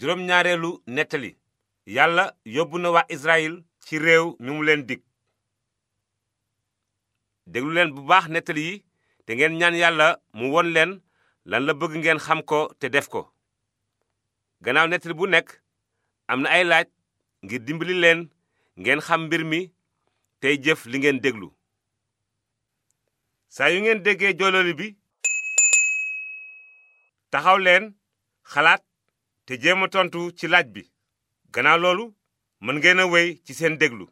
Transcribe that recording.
juróom ñaareelu nettali yàlla yóbbu na waa Israël ci réew mi mu leen dig déglu leen bu baax nettali yi te ngeen ñaan yàlla mu won leen lan la bëgg ngeen xam ko te def ko gannaaw nettali bu nekk am na ay laaj ngir dimbali leen ngeen xam mbir mi tey jëf li ngeen déglu saa yu ngeen déggee jololi bi taxaw leen xalaat te jéem a tontu ci laaj bi gannaaw loolu mën ngeen a wéy ci seen déglu